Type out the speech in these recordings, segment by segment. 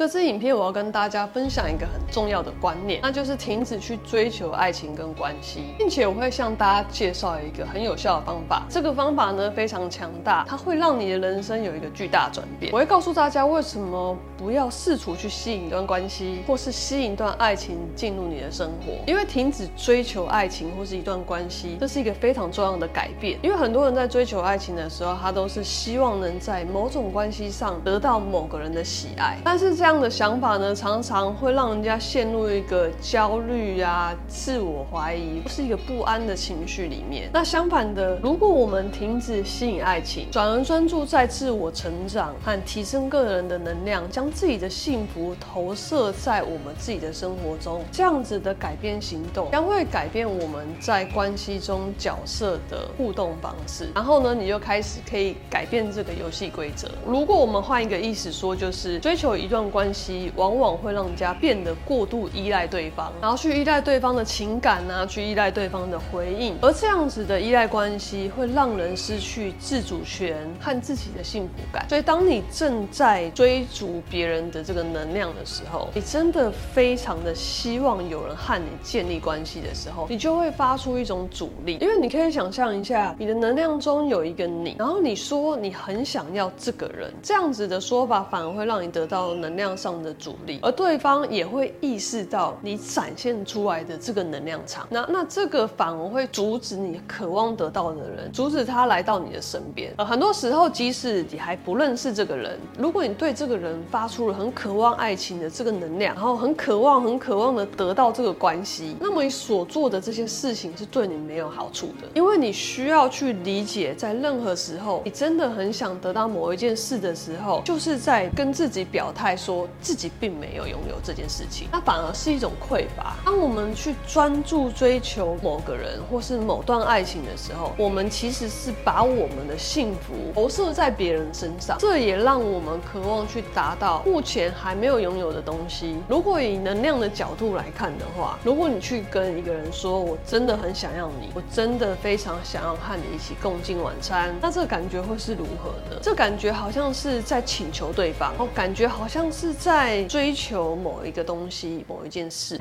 這支影片，我要跟大家分享一個很重要的觀念，那就是停止去追求愛情跟關係，並且我會向大家介紹一個很有效的方法。這個方法呢，非常強大，它會讓你的人生有一個巨大轉變。我會告訴大家為什麼不要試圖去吸引一段關係，或是吸引一段愛情進入你的生活，因為停止追求愛情或是一段關係，這是一個非常重要的改變。因為很多人在追求愛情的時候，他都是希望能在某種關係上得到某個人的喜愛，但是這樣的想法呢，常常會讓人家。陷入一個焦慮啊、自我懷疑，是一個不安的情緒裡面。那相反的，如果我們停止吸引愛情，轉而專注在自我成長和提升個人的能量，將自己的幸福投射在我們自己的生活中，這樣子的改變行動將會改變我們在關係中角色的互動方式。然後呢，你就開始可以改變這個遊戲規則。如果我們換一個意思說，就是追求一段關係，往往會讓人家變得。過度依賴對方，然後去依賴對方的情感吶、啊，去依賴對方的回應，而這樣子的依賴關係會讓人失去自主權和自己的幸福感。所以，當你正在追逐別人的這個能量的時候，你真的非常的希望有人和你建立關係的時候，你就會發出一種阻力，因為你可以想象一下，你的能量中有一個你，然後你說你很想要這個人，這樣子的說法反而會讓你得到能量上的阻力，而對方也會。意識到你展現出來的這個能量場，那那這個反而會阻止你渴望得到的人，阻止他來到你的身邊。呃，很多時候，即使你還不認識這個人，如果你對這個人發出了很渴望愛情的這個能量，然後很渴望、很渴望的得到這個關係，那麼你所做的這些事情是對你沒有好處的，因為你需要去理解，在任何時候，你真的很想得到某一件事的時候，就是在跟自己表態，說自己並沒有擁有這件事情。那反而是一種匱乏。當我們去專注追求某個人或是某段愛情的時候，我們其實是把我們的幸福投射在別人身上。這也讓我們渴望去達到目前還沒有擁有的東西。如果以能量的角度來看的話，如果你去跟一個人說：“我真的很想要你，我真的非常想要和你一起共進晚餐。”那這個感覺會是如何呢？這感覺好像是在請求對方，哦，感覺好像是在追求某一個東西。某一件事。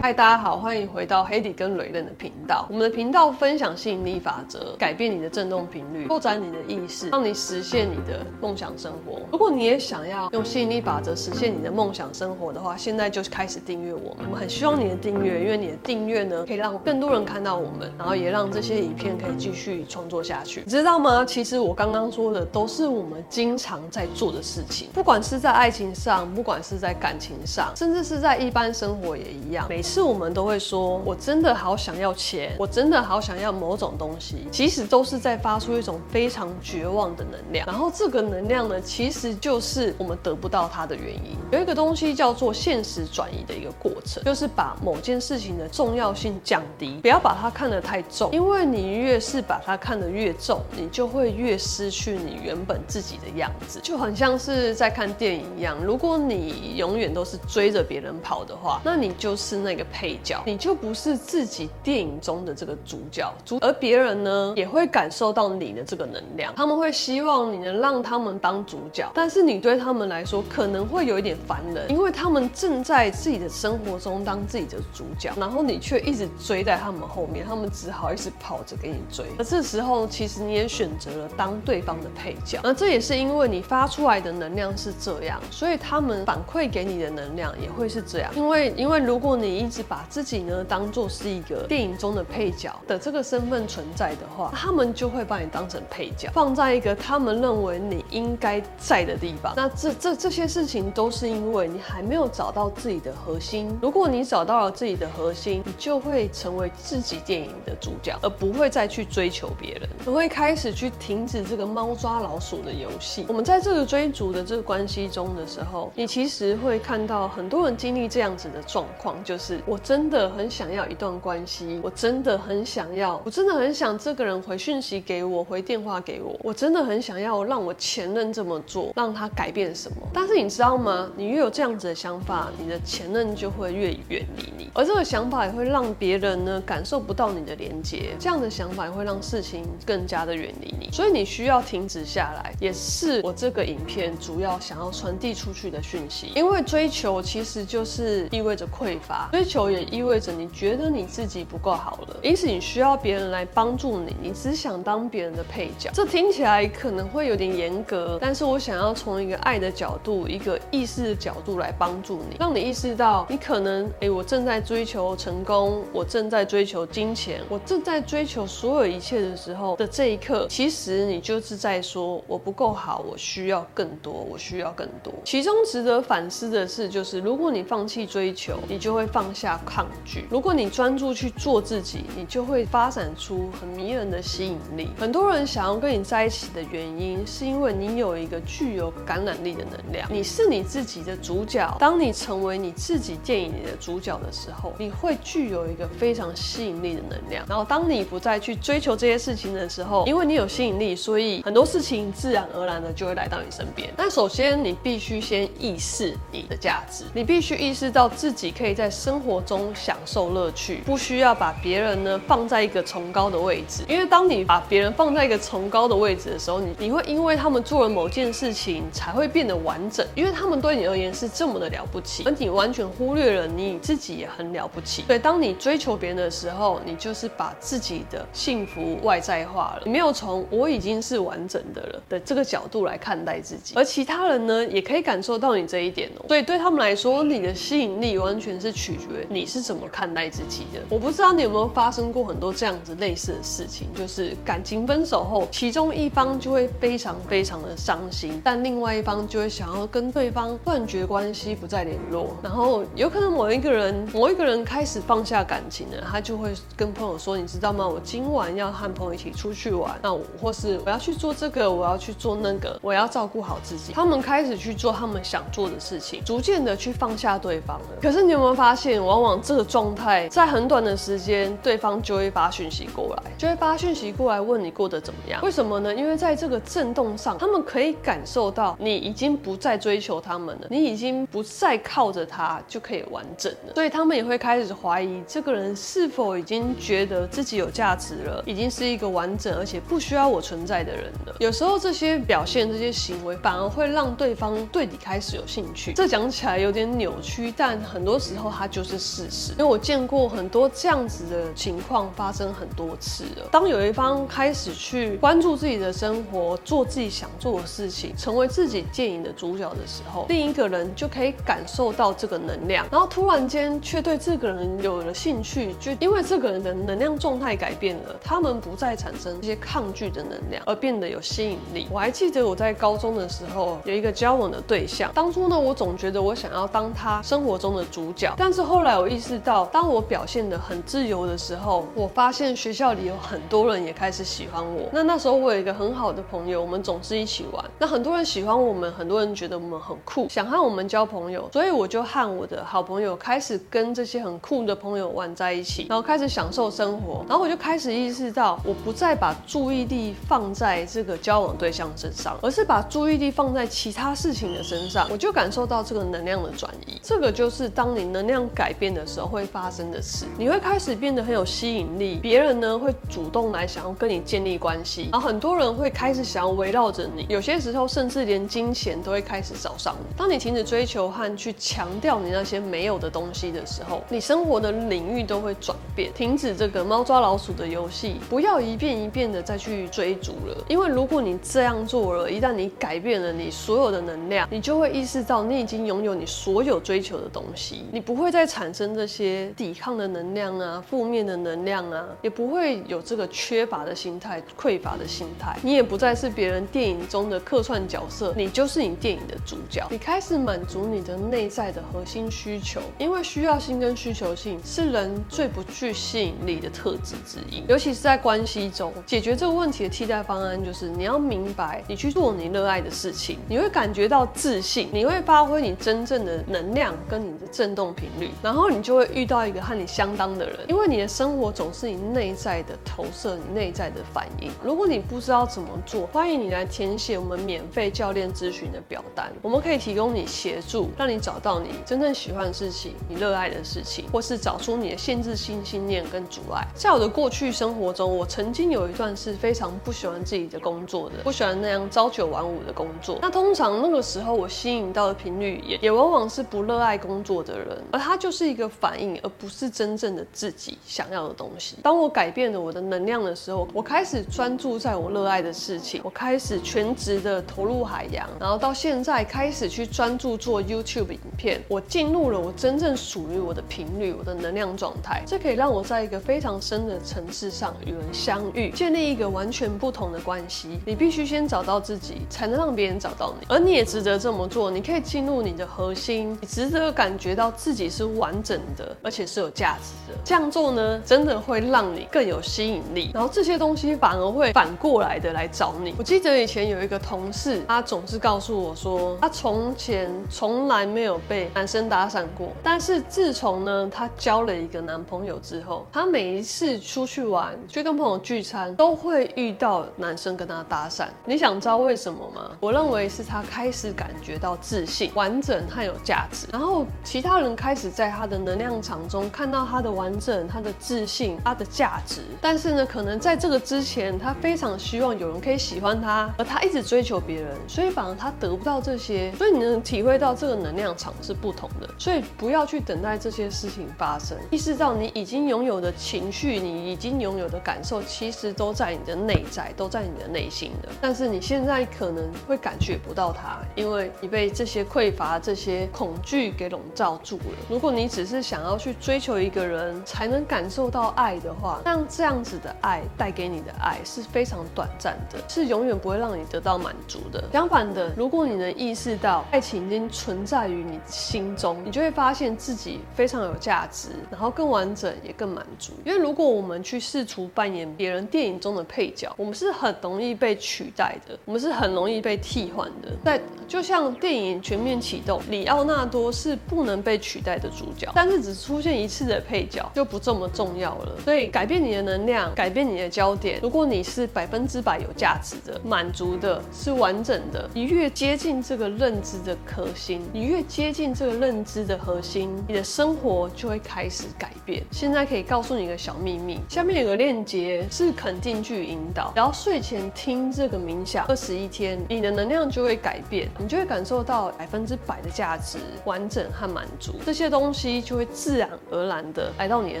大家好，歡迎回到海地跟雷樂的頻道。我們的頻道分享吸引力法則，改變你的振動頻率，拓展你的意識，讓你實現你的夢想生活。如果你也想要用吸引力法則實現你的夢想生活的話，現在就開始訂閱我們。我們很希望你的訂閱，因為你的訂閱呢，可以讓更多人看到我們，然後也讓這些影片可以繼續創作下去。你知道嗎？其實我剛剛說的都是我們經常在做的事情，不管是在愛情上，不管是在感情上，甚至是在一般生活也一樣，每次。是我們都會說，我真的好想要錢，我真的好想要某種東西，其實都是在發出一種非常絕望的能量。然後這個能量呢，其實就是我們得不到它的原因。有一個東西叫做現實轉移的一個過程，就是把某件事情的重要性降低，不要把它看得太重。因為你越是把它看得越重，你就會越失去你原本自己的樣子。就很像是在看電影一樣，如果你永遠都是追着別人跑的話，那你就是那個。配角，你就不是自己電影中的這個主角，主而別人呢也會感受到你的這個能量，他們會希望你能讓他們當主角，但是你對他們來說可能會有一點煩人，因為他們正在自己的生活中當自己的主角，然後你卻一直追在他們後面，他們只好一直跑着給你追。而這時候，其實你也選擇了當對方的配角，而這也是因為你發出來的能量是這樣，所以他們反饋給你的能量也會是這樣，因為因為如果你一直。把自己呢當做是一個電影中的配角的這個身份存在的話，他們就會把你當成配角，放在一個他們認為你應該在的地方。那這這這些事情都是因為你還沒有找到自己的核心。如果你找到了自己的核心，你就會成為自己電影的主角，而不會再去追求別人，而會開始去停止這個貓抓老鼠的遊戲。我們在這個追逐的這個關係中的時候，你其實會看到很多人經歷這樣子的狀況，就是。我真的很想要一段關係，我真的很想要，我真的很想這個人回訊息給我，回電話給我。我真的很想要讓我前任這麼做，讓他改變什麼。但是你知道嗎？你越有這樣子的想法，你的前任就會越遠離你，而這個想法也會讓別人呢感受不到你的連接。這樣的想法也會讓事情更加的遠離你，所以你需要停止下來，也是我這個影片主要想要傳遞出去的訊息。因為追求其實就是意味着匱乏，所以。求也意味着你覺得你自己不夠好了，因此你需要別人來幫助你，你只想當別人的配角。這聽起來可能會有點嚴格，但是我想要從一個愛的角度、一個意識的角度來幫助你，讓你意識到，你可能，哎，我正在追求成功，我正在追求金錢，我正在追求所有一切的時候的這一刻，其實你就是在說我不夠好，我需要更多，我需要更多。其中值得反思的是，就是如果你放棄追求，你就會放下。下抗拒。如果你專注去做自己，你就會發展出很迷人的吸引力。很多人想要跟你在一起的原因，是因為你有一個具有感染力的能量。你是你自己的主角。當你成為你自己電影裡的主角的時候，你會具有一個非常吸引力的能量。然後，當你不再去追求這些事情的時候，因為你有吸引力，所以很多事情自然而然的就會來到你身邊。但首先，你必須先意識你的價值。你必須意識到自己可以在生活。活中享受樂趣，不需要把別人呢放在一個崇高的位置，因為當你把別人放在一個崇高的位置的時候，你你會因為他們做了某件事情才會變得完整，因為他們對你而言是這麼的了不起，而你完全忽略了你自己也很了不起。所以當你追求別人的時候，你就是把自己的幸福外在化了，你沒有從我已經是完整的了的這個角度來看待自己，而其他人呢也可以感受到你這一點哦，所以對他們來說，你的吸引力完全是取決的。你是怎麼看待自己的？我不知道你有沒有發生過很多這樣子類似的事情，就是感情分手後，其中一方就會非常非常的傷心，但另外一方就會想要跟對方斷絕關係，不再聯絡。然後有可能某一個人，某一個人開始放下感情了，他就會跟朋友說：“你知道嗎？我今晚要和朋友一起出去玩。”那我或是我要去做這個，我要去做那個，我要照顧好自己。他們開始去做他們想做的事情，逐漸的去放下對方了。可是你有沒有發現我？往往這個狀態在很短的時間，對方就會發訊息過來，就會發訊息過來問你過得怎麼樣？為什麼呢？因為在這個震動上，他們可以感受到你已經不再追求他們了，你已經不再靠着他就可以完整了，所以他們也會開始懷疑這個人是否已經覺得自己有價值了，已經是一個完整而且不需要我存在的人了。有時候這些表現、這些行為反而會讓對方對你開始有興趣。這講起來有點扭曲，但很多時候他就是。事實，因為我見過很多這樣子的情況發生很多次了。當有一方開始去關注自己的生活，做自己想做的事情，成為自己電影的主角的時候，另一個人就可以感受到這個能量，然後突然間卻對這個人有了興趣，就因為這個人的能量狀態改變了，他們不再產生一些抗拒的能量，而變得有吸引力。我還記得我在高中的時候有一個交往的對象，當初呢，我總覺得我想要當他生活中的主角，但是後來。我意識到，當我表現得很自由的時候，我發現學校裡有很多人也開始喜歡我。那那時候我有一個很好的朋友，我們總是一起玩。那很多人喜歡我們，很多人覺得我們很酷，想和我們交朋友。所以我就和我的好朋友開始跟這些很酷的朋友玩在一起，然後開始享受生活。然後我就開始意識到，我不再把注意力放在這個交往對象身上，而是把注意力放在其他事情的身上。我就感受到這個能量的轉移。這個就是當你能量改。改變的時候會發生的事，你會開始變得很有吸引力，別人呢會主動來想要跟你建立關係，然後很多人會開始想要圍繞着你，有些時候甚至連金錢都會開始找上你。當你停止追求和去強調你那些沒有的東西的時候，你生活的領域都會轉變，停止這個貓抓老鼠的遊戲，不要一遍一遍的再去追逐了。因為如果你這樣做了，一旦你改變了你所有的能量，你就會意識到你已經擁有你所有追求的東西，你不會再產生這些抵抗的能量啊，負面的能量啊，也不會有這個缺乏的心態、匱乏的心態。你也不再是別人電影中的客串角色，你就是你電影的主角。你開始滿足你的內在的核心需求，因為需要性跟需求性是人最不具吸引力的特質之一，尤其是在關係中。解決這個問題的替代方案就是，你要明白，你去做你熱愛的事情，你會感覺到自信，你會發揮你真正的能量跟你的振動頻率。然後你就會遇到一個和你相當的人，因為你的生活總是你內在的投射，你內在的反應。如果你不知道怎麼做，歡迎你來填寫我們免費教練諮詢的表單，我們可以提供你協助，讓你找到你真正喜歡的事情，你熱愛的事情，或是找出你的限制性信念跟阻礙。在我的過去生活中，我曾經有一段是非常不喜歡自己的工作的，不喜歡那樣朝九晚五的工作。那通常那個時候我吸引到的頻率也也往往是不熱愛工作的人，而他就是。是一個反應，而不是真正的自己想要的東西。當我改變了我的能量的時候，我開始專注在我熱愛的事情，我開始全職的投入海洋，然後到現在開始去專注做 YouTube 影片。我進入了我真正屬於我的頻率，我的能量狀態，這可以讓我在一個非常深的層次上與人相遇，建立一個完全不同的關係。你必須先找到自己，才能讓別人找到你，而你也值得這麼做。你可以進入你的核心，你值得感覺到自己是完。完整的，而且是有價值的，這樣做呢，真的會讓你更有吸引力。然後這些東西反而會反過來的來找你。我記得以前有一個同事，他總是告訴我說，他從前從來沒有被男生搭訕過，但是自從呢，她交了一個男朋友之後，她每一次出去玩，去跟朋友聚餐，都會遇到男生跟他搭訕。你想知道為什麼嗎？我認為是他開始感覺到自信、完整和有價值，然後其他人開始在他他的能量場中看到他的完整、他的自信、他的價值，但是呢，可能在這個之前，他非常希望有人可以喜歡他，而他一直追求別人，所以反而他得不到這些。所以你能體會到這個能量場是不同的。所以不要去等待這些事情發生，意識到你已經擁有的情緒，你已經擁有的感受，其實都在你的內在，都在你的內心的。但是你現在可能會感覺不到它，因為你被這些匱乏、這些恐懼給籠罩住了。如果你只是想要去追求一個人才能感受到愛的話，那這樣子的愛帶給你的愛是非常短暫的，是永遠不會讓你得到滿足的。相反的，如果你能意識到愛情已經存在於你心中，你就會發現自己非常有價值，然後更完整，也更滿足。因為如果我們去試圖扮演別人電影中的配角，我們是很容易被取代的，我們是很容易被替換的。但就像電影全面啟動，李奧納多是不能被取代的主角，但是只出現一次的配角就不這麼重要了。所以改變你的能量，改變你的焦點。如果你是百分之百有價值的、滿足的、是完整的，你越接近這個認知的核心，你越接近這個認知的核心，你的生活就會開始改變。現在可以告訴你一個小秘密，下面有個鏈接是肯定句引導，然後睡前聽這個冥想。二十一天，你的能量就會改變。你就會感受到百分之百的價值、完整和滿足，這些東西就會自然而然的來到你的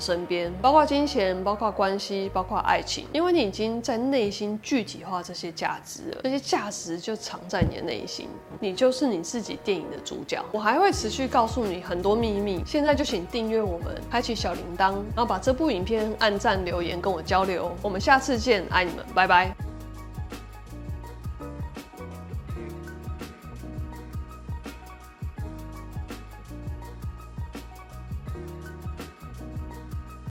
身邊，包括金錢、包括關係、包括愛情，因為你已經在內心具體化這些價值了。這些價值就藏在你的內心，你就是你自己電影的主角。我還會持續告訴你很多秘密，現在就請訂閱我們，開啟小鈴鐺，然後把這部影片按讚、留言跟我交流。我們下次見，愛你們，拜拜。